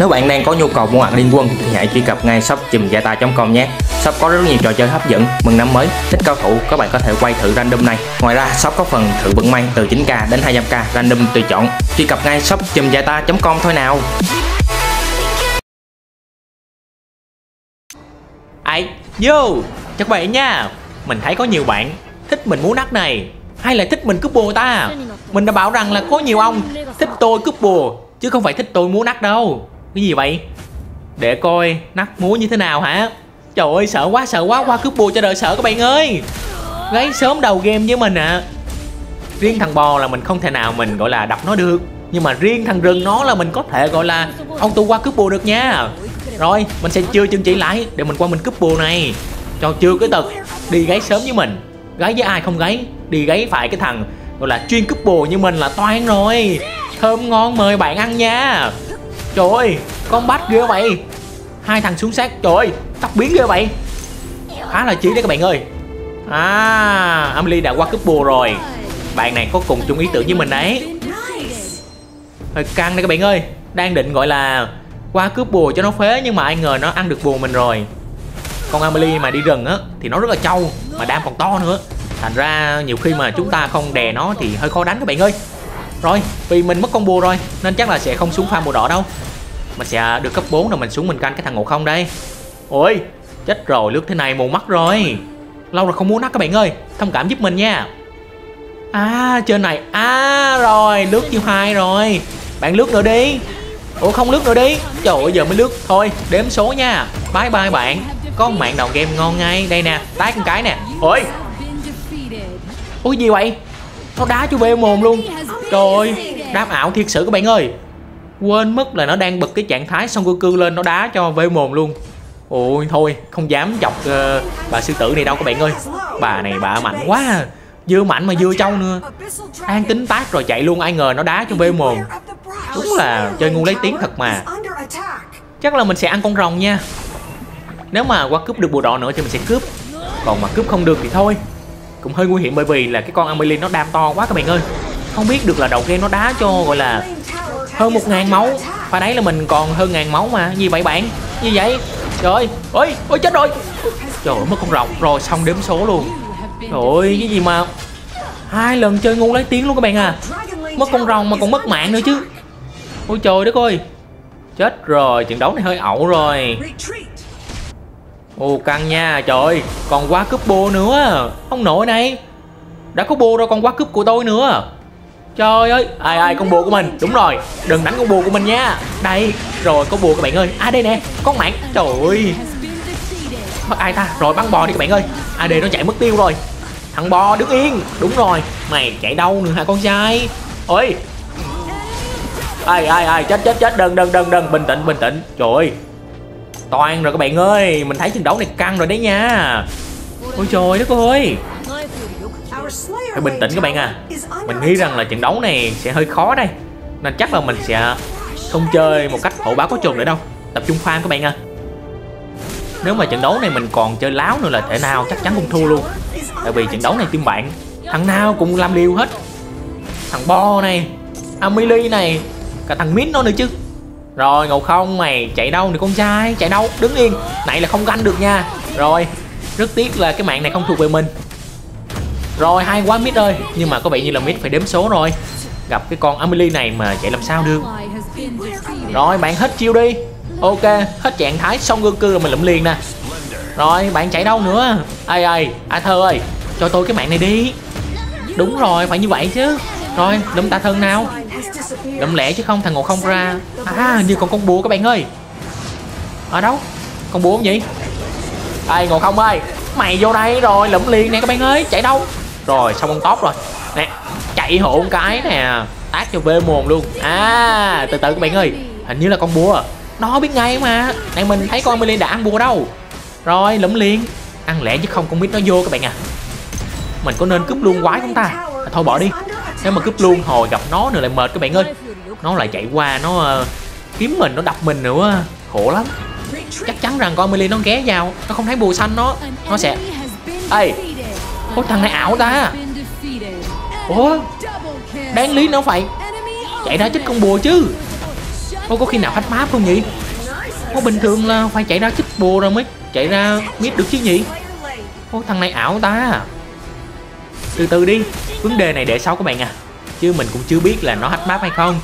Nếu bạn đang có nhu cầu mua hàng liên quân thì hãy truy cập ngay shop chùm com nhé. Shop có rất nhiều trò chơi hấp dẫn, mừng năm mới, thích cao thủ các bạn có thể quay thử random này. Ngoài ra shop có phần thử vận may từ 9k đến 200k random tùy chọn. Truy cập ngay shop chùm com thôi nào. Ai, vô, các bạn nha. Mình thấy có nhiều bạn thích mình muốn nắc này hay là thích mình cướp bùa ta mình đã bảo rằng là có nhiều ông thích tôi cướp bùa chứ không phải thích tôi muốn nắc đâu cái gì vậy để coi nắp múa như thế nào hả trời ơi sợ quá sợ quá qua cướp bùa cho đời sợ các bạn ơi gáy sớm đầu game với mình ạ à. riêng thằng bò là mình không thể nào mình gọi là đập nó được nhưng mà riêng thằng rừng nó là mình có thể gọi là ông tu qua cướp bùa được nha rồi mình sẽ chưa chân chỉ lại để mình qua mình cướp bùa này cho chưa cái tật đi gáy sớm với mình gáy với ai không gáy đi gáy phải cái thằng gọi là chuyên cướp bùa như mình là toan rồi thơm ngon mời bạn ăn nha Trời ơi Con bắt ghê vậy Hai thằng xuống sát Trời ơi Tóc biến ghê vậy Khá là chí đấy các bạn ơi À Amelie đã qua cướp bùa rồi Bạn này có cùng chung ý tưởng với mình đấy Hơi căng đấy các bạn ơi Đang định gọi là Qua cướp bùa cho nó phế Nhưng mà ai ngờ nó ăn được bùa mình rồi Con Amelie mà đi rừng á Thì nó rất là trâu Mà đam còn to nữa Thành ra nhiều khi mà chúng ta không đè nó Thì hơi khó đánh các bạn ơi rồi, vì mình mất con combo rồi Nên chắc là sẽ không xuống farm màu đỏ đâu Mình sẽ được cấp 4 rồi mình xuống mình canh cái thằng ngộ không đây Ôi, chết rồi, lướt thế này mù mắt rồi Lâu rồi không muốn nắp các bạn ơi Thông cảm giúp mình nha À, trên này, à rồi, lướt chiêu hai rồi Bạn lướt nữa đi Ủa không lướt nữa đi Trời ơi giờ mới lướt Thôi đếm số nha Bye bye bạn Có mạng đầu game ngon ngay Đây nè Tát một cái nè Ôi Ôi gì vậy Nó đá cho bê mồm luôn Trời ơi, đáp ảo thiệt sự các bạn ơi Quên mất là nó đang bật cái trạng thái Son Goku lên nó đá cho vê mồm luôn Ôi thôi, không dám chọc uh, bà sư tử này đâu các bạn ơi Bà này bà mạnh quá à. Vừa mạnh mà vừa trâu nữa An tính tác rồi chạy luôn ai ngờ nó đá cho vê mồm Đúng là chơi ngu lấy tiếng thật mà Chắc là mình sẽ ăn con rồng nha Nếu mà qua cướp được bùa đỏ nữa thì mình sẽ cướp Còn mà cướp không được thì thôi Cũng hơi nguy hiểm bởi vì là cái con Amelie nó đam to quá các bạn ơi không biết được là đầu game nó đá cho gọi là hơn một ngàn máu phải đấy là mình còn hơn ngàn máu mà như vậy bạn như vậy trời ơi ôi ôi chết rồi trời ơi mất con rồng rồi xong đếm số luôn trời ơi cái gì mà hai lần chơi ngu lấy tiếng luôn các bạn à mất con rồng mà còn mất mạng nữa chứ ôi trời đất ơi chết rồi trận đấu này hơi ẩu rồi ồ căng nha trời ơi còn quá cướp bô nữa không nổi này đã có bô rồi còn quá cướp của tôi nữa Trời ơi, ai ai con bùa của mình, đúng rồi Đừng đánh con bùa của mình nha Đây, rồi con bùa các bạn ơi À đây nè, con mạng, trời ơi Mất ai ta, rồi bắn bò đi các bạn ơi À đây nó chạy mất tiêu rồi Thằng bò đứng yên, đúng rồi Mày chạy đâu nữa hả con trai Ôi Ai ai ai, chết chết chết, đừng đừng đừng đừng Bình tĩnh, bình tĩnh, trời ơi Toàn rồi các bạn ơi, mình thấy trận đấu này căng rồi đấy nha Ôi trời đất ơi Hãy bình tĩnh các bạn à Mình nghĩ rằng là trận đấu này sẽ hơi khó đây Nên chắc là mình sẽ không chơi một cách hậu báo có trùng nữa đâu Tập trung farm các bạn à Nếu mà trận đấu này mình còn chơi láo nữa là thể nào chắc chắn cũng thua luôn Tại vì trận đấu này team bạn Thằng nào cũng làm liều hết Thằng Bo này Amelie này Cả thằng Mít nó nữa chứ Rồi ngầu không mày chạy đâu nè con trai Chạy đâu đứng yên Này là không ganh được nha Rồi rất tiếc là cái mạng này không thuộc về mình rồi hay quá mít ơi nhưng mà có vẻ như là mít phải đếm số rồi gặp cái con Amelie này mà chạy làm sao được rồi bạn hết chiêu đi ok hết trạng thái xong gương cư rồi mình lụm liền nè rồi bạn chạy đâu nữa ai ai Arthur ơi cho tôi cái mạng này đi đúng rồi phải như vậy chứ rồi lụm ta thân nào lụm lẻ chứ không thằng ngộ không ra à như còn con búa các bạn ơi ở đâu con búa không vậy ai ngộ không ơi mày vô đây rồi lụm liền nè các bạn ơi chạy đâu rồi xong con tóc rồi nè chạy hộn cái nè tác cho bê mồm luôn à từ từ các bạn ơi hình như là con búa nó biết ngay mà này mình thấy con Emily đã ăn bùa đâu rồi lẫm liền ăn lẹ chứ không con biết nó vô các bạn à mình có nên cướp luôn quái không ta à, thôi bỏ đi nếu mà cướp luôn hồi gặp nó nữa lại mệt các bạn ơi nó lại chạy qua nó uh, kiếm mình nó đập mình nữa khổ lắm chắc chắn rằng con Emily nó ghé vào nó không thấy bùa xanh nó nó sẽ ê Ôi thằng này ảo ta Ủa Đáng lý nó phải Chạy ra chích con bùa chứ Ôi có khi nào hack map không nhỉ có bình thường là phải chạy ra chích bùa rồi mới Chạy ra miết được chứ nhỉ Ôi thằng này ảo ta Từ từ đi Vấn đề này để sau các bạn à Chứ mình cũng chưa biết là nó hack map hay không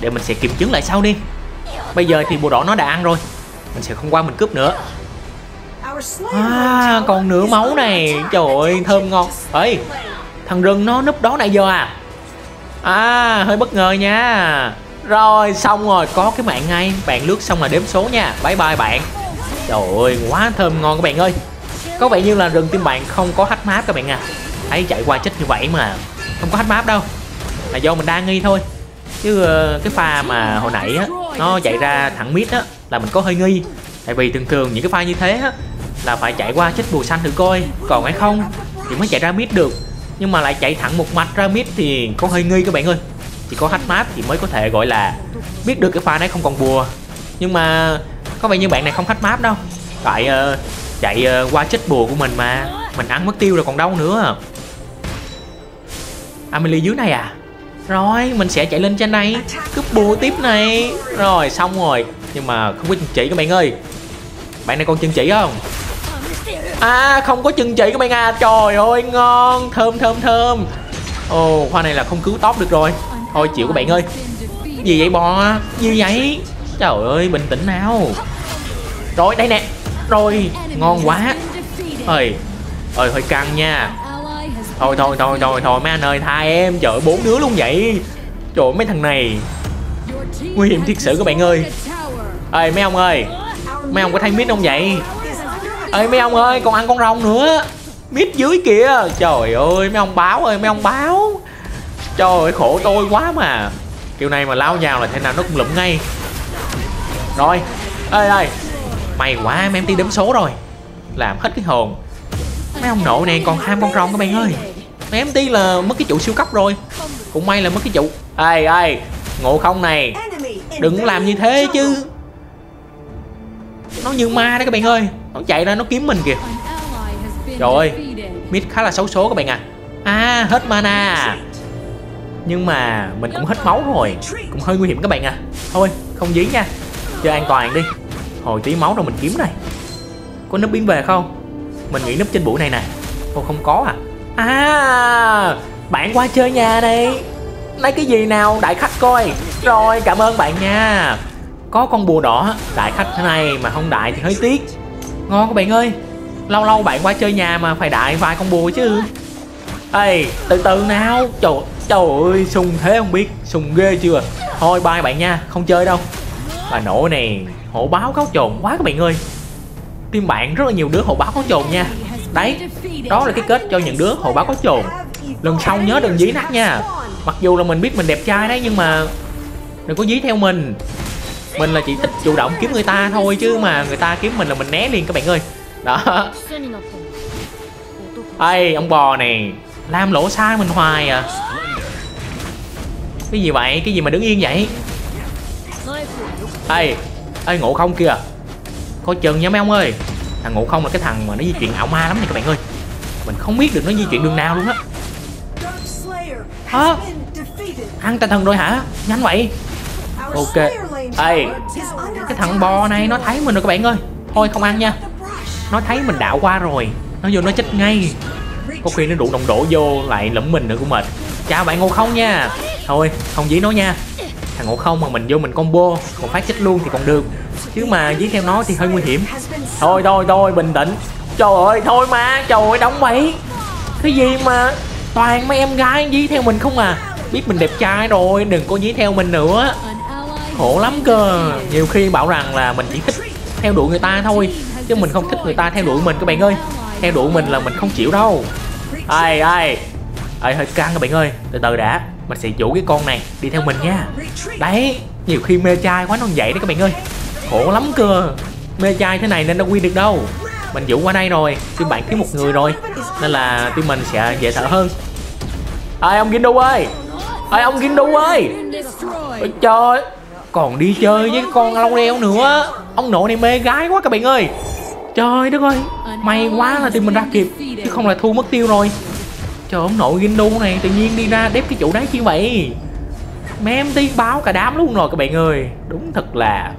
Để mình sẽ kiểm chứng lại sau đi Bây giờ thì bùa đỏ nó đã ăn rồi Mình sẽ không qua mình cướp nữa À còn nửa máu này Trời ơi thơm ngon Ê thằng rừng nó núp đó nãy giờ à À hơi bất ngờ nha Rồi xong rồi có cái mạng ngay Bạn lướt xong là đếm số nha Bye bye bạn Trời ơi quá thơm ngon các bạn ơi Có vẻ như là rừng team bạn không có hack map các bạn à Thấy chạy qua chết như vậy mà Không có hack map đâu Là do mình đa nghi thôi Chứ ờ, cái pha mà hồi nãy á Nó chạy ra thẳng mid á Là mình có hơi nghi Tại vì thường thường những cái pha như thế á là phải chạy qua chiếc bùa xanh thử coi còn hay không thì mới chạy ra mid được nhưng mà lại chạy thẳng một mạch ra mid thì có hơi nghi các bạn ơi chỉ có hack map thì mới có thể gọi là biết được cái pha này không còn bùa nhưng mà có vẻ như bạn này không hack map đâu tại uh, chạy uh, qua chiếc bùa của mình mà mình ăn mất tiêu rồi còn đâu nữa Amelie dưới này à rồi mình sẽ chạy lên trên này cướp bùa tiếp này rồi xong rồi nhưng mà không có chân chỉ các bạn ơi bạn này còn chân chỉ không À không có chân chỉ của Mega Trời ơi ngon Thơm thơm thơm Ồ oh, hoa này là không cứu tóc được rồi Thôi chịu các bạn ơi Gì vậy bò Gì vậy Trời ơi bình tĩnh nào Rồi đây nè Rồi ngon quá Ơi Ơi hơi căng nha Thôi thôi thôi thôi thôi mấy anh ơi tha em Trời bốn đứa luôn vậy Trời mấy thằng này Nguy hiểm thiệt sự các bạn ơi Ê mấy ông ơi Mấy ông có thấy mít không vậy ơi mấy ông ơi còn ăn con rồng nữa mít dưới kìa trời ơi mấy ông báo ơi mấy ông báo trời ơi khổ tôi quá mà kiểu này mà lao vào là thế nào nó cũng lụm ngay rồi ơi ơi may quá mấy em đi đếm số rồi làm hết cái hồn mấy ông nội này còn ham con rồng các bạn ơi mấy em tí là mất cái trụ siêu cấp rồi cũng may là mất cái trụ ê ê ngộ không này đừng làm như thế chứ nó như ma đấy các bạn ơi nó chạy ra nó kiếm mình kìa rồi, mid khá là xấu số các bạn à à hết mana nhưng mà mình cũng hết máu rồi cũng hơi nguy hiểm các bạn à thôi không dí nha chơi an toàn đi hồi tí máu rồi mình kiếm này có núp biến về không mình nghĩ núp trên bụi này nè thôi không có à à bạn qua chơi nhà đây. lấy cái gì nào đại khách coi rồi cảm ơn bạn nha có con bùa đỏ đại khách thế này mà không đại thì hơi tiếc ngon các bạn ơi lâu lâu bạn qua chơi nhà mà phải đại vài con bùa chứ ê từ từ nào trời trời ơi sùng thế không biết sùng ghê chưa thôi bye bạn nha không chơi đâu bà nội này hộ báo cáo trồn quá các bạn ơi team bạn rất là nhiều đứa hộ báo cáo trồn nha đấy đó là cái kết cho những đứa hộ báo cáo trồn lần sau nhớ đừng dí nát nha mặc dù là mình biết mình đẹp trai đấy nhưng mà đừng có dí theo mình mình là chỉ thích chủ động kiếm người ta thôi chứ mà người ta kiếm mình là mình né liền các bạn ơi đó ây ông bò này làm lỗ sai mình hoài à cái gì vậy cái gì mà đứng yên vậy ây ây ngộ không kìa coi chừng nha mấy ông ơi thằng ngộ không là cái thằng mà nó di chuyển ảo ma lắm nha các bạn ơi mình không biết được nó di chuyển đường nào luôn á hả ăn tinh thần rồi hả nhanh vậy ok Ê Cái thằng bò này nó thấy mình rồi các bạn ơi Thôi không ăn nha Nó thấy mình đảo qua rồi Nó vô nó chết ngay Có khi nó đủ đồng đổ vô lại lẫm mình nữa của mệt Chào bạn ngộ không nha Thôi không dí nó nha Thằng ngộ không mà mình vô mình combo còn phát chết luôn thì còn được Chứ mà dí theo nó thì hơi nguy hiểm Thôi thôi thôi bình tĩnh Trời ơi thôi mà trời ơi đóng bẫy Cái gì mà toàn mấy em gái dí theo mình không à Biết mình đẹp trai rồi đừng có dí theo mình nữa khổ lắm cơ nhiều khi bảo rằng là mình chỉ thích theo đuổi người ta thôi chứ mình không thích người ta theo đuổi mình các bạn ơi theo đuổi mình là mình không chịu đâu ai ai ai hơi căng các bạn ơi từ từ đã mình sẽ dụ cái con này đi theo mình nha đấy nhiều khi mê trai quá nó vậy đấy các bạn ơi khổ lắm cơ mê trai thế này nên đâu quy được đâu mình dụ qua đây rồi team bạn kiếm một người rồi nên là team mình sẽ dễ thở hơn Ai ông gindu ơi ai ông gindu ơi Ôi trời còn đi chơi với con lông đeo nữa ông nội này mê gái quá các bạn ơi trời đất ơi may quá là tìm mình ra kịp chứ không là thu mất tiêu rồi trời ông nội gindu này tự nhiên đi ra đếp cái chỗ đấy như vậy mém tí báo cả đám luôn rồi các bạn ơi đúng thật là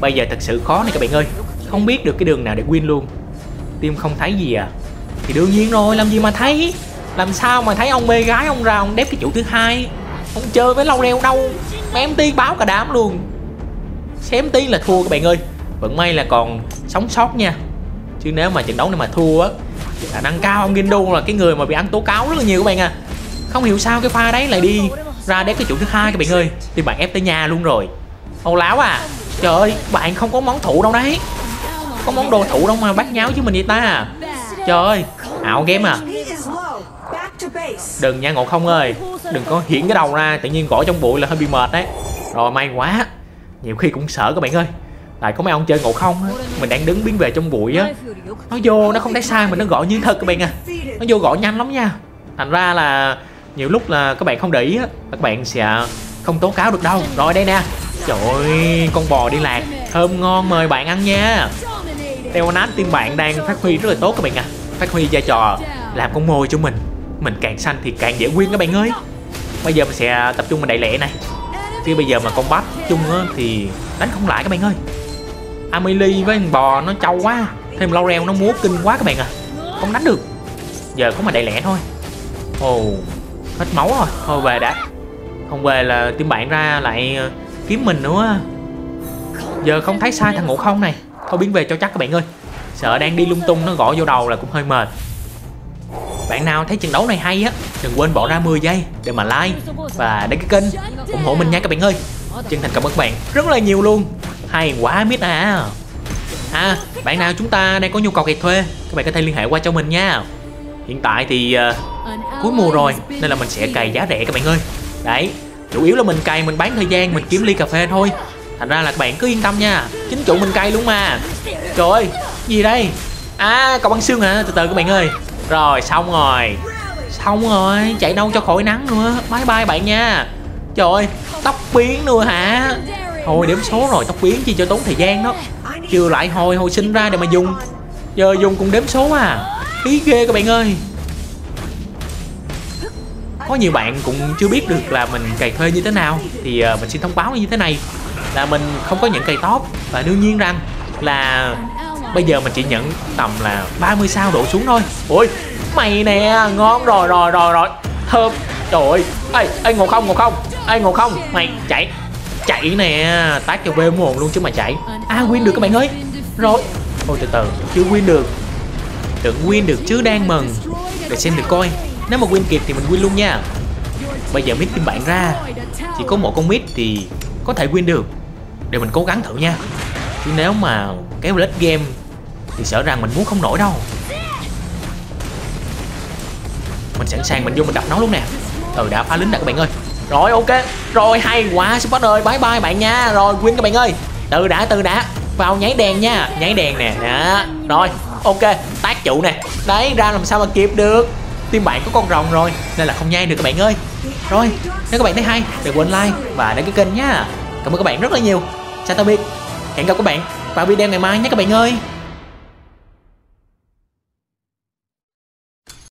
bây giờ thật sự khó này các bạn ơi không biết được cái đường nào để win luôn tim không thấy gì à thì đương nhiên rồi làm gì mà thấy làm sao mà thấy ông mê gái ông ra ông đếp cái chủ thứ hai không chơi với lâu leo đâu mà em tiên báo cả đám luôn xém tí là thua các bạn ơi vẫn may là còn sống sót nha chứ nếu mà trận đấu này mà thua á khả năng cao ông Gindo là cái người mà bị ăn tố cáo rất là nhiều các bạn à không hiểu sao cái pha đấy lại đi ra đến cái chủ thứ hai các bạn ơi thì bạn ép tới nhà luôn rồi ông láo à trời ơi bạn không có món thủ đâu đấy có món đồ thủ đâu mà bắt nháo chứ mình vậy ta trời ơi ảo game à Đừng nha Ngộ không ơi Đừng có hiển cái đầu ra Tự nhiên gõ trong bụi là hơi bị mệt đấy Rồi may quá Nhiều khi cũng sợ các bạn ơi Tại có mấy ông chơi ngộ không á Mình đang đứng biến về trong bụi á Nó vô nó không thấy sai mình nó gõ như thật các bạn à Nó vô gõ nhanh lắm nha Thành ra là nhiều lúc là các bạn không để ý á Các bạn sẽ không tố cáo được đâu Rồi đây nè Trời ơi con bò đi lạc Thơm ngon mời bạn ăn nha Teonat team bạn đang phát huy rất là tốt các bạn à Phát huy vai trò làm con mồi cho mình mình càng xanh thì càng dễ quyên các bạn ơi bây giờ mình sẽ tập trung mình đại lẹ này chứ bây giờ mà con bắp chung á, thì đánh không lại các bạn ơi Amelie với thằng bò nó trâu quá thêm Laurel nó múa kinh quá các bạn à không đánh được giờ có mà đại lẹ thôi ồ oh, hết máu rồi thôi về đã không về là team bạn ra lại ờ, kiếm mình nữa giờ không thấy sai thằng ngộ không này thôi biến về cho chắc các bạn ơi sợ đang đi lung tung nó gõ vô đầu là cũng hơi mệt bạn nào thấy trận đấu này hay á, đừng quên bỏ ra 10 giây để mà like và đăng ký kênh, ủng hộ mình nha các bạn ơi. Chân thành cảm ơn các bạn rất là nhiều luôn. Hay quá biết à. À, bạn nào chúng ta đang có nhu cầu kẹt thuê, các bạn có thể liên hệ qua cho mình nha. Hiện tại thì uh, cuối mùa rồi nên là mình sẽ cày giá rẻ các bạn ơi. Đấy, chủ yếu là mình cày mình bán thời gian mình kiếm ly cà phê thôi. Thành ra là các bạn cứ yên tâm nha, chính chủ mình cày luôn mà. Trời ơi, gì đây? À, cậu băng xương hả? Từ từ các bạn ơi. Rồi xong rồi Xong rồi Chạy đâu cho khỏi nắng nữa Bye bye bạn nha Trời ơi Tóc biến luôn hả Thôi điểm số rồi tóc biến chi cho tốn thời gian đó Chưa lại hồi hồi sinh ra để mà dùng Giờ dùng cũng đếm số à Ý ghê các bạn ơi Có nhiều bạn cũng chưa biết được là mình cày thuê như thế nào Thì ờ, mình xin thông báo như thế này Là mình không có những cày top Và đương nhiên rằng là Bây giờ mình chỉ nhận tầm là 30 sao đổ xuống thôi ui mày nè ngon rồi rồi rồi rồi Thơm Trời ơi Ê, ê ngồi không ngồi không Ê ngồi không Mày chạy Chạy nè Tát cho bê mồm luôn chứ mà chạy À win được các bạn ơi Rồi Ôi từ từ Chưa win được Đừng win được chứ đang mừng Để xem được coi Nếu mà win kịp thì mình win luôn nha Bây giờ mid tìm bạn ra Chỉ có một con mid thì có thể win được Để mình cố gắng thử nha chứ nếu mà kéo vào game thì sợ rằng mình muốn không nổi đâu mình sẵn sàng mình vô mình đập nó luôn nè ừ đã phá lính rồi các bạn ơi rồi ok rồi hay quá support ơi bye bye bạn nha rồi win các bạn ơi từ đã từ đã vào nháy đèn nha nháy đèn nè đó rồi ok tác trụ nè đấy ra làm sao mà kịp được Tim bạn có con rồng rồi nên là không nhai được các bạn ơi rồi nếu các bạn thấy hay đừng quên like và đăng ký kênh nha cảm ơn các bạn rất là nhiều chào tạm biệt Hẹn gặp các bạn vào video ngày mai nhé các bạn ơi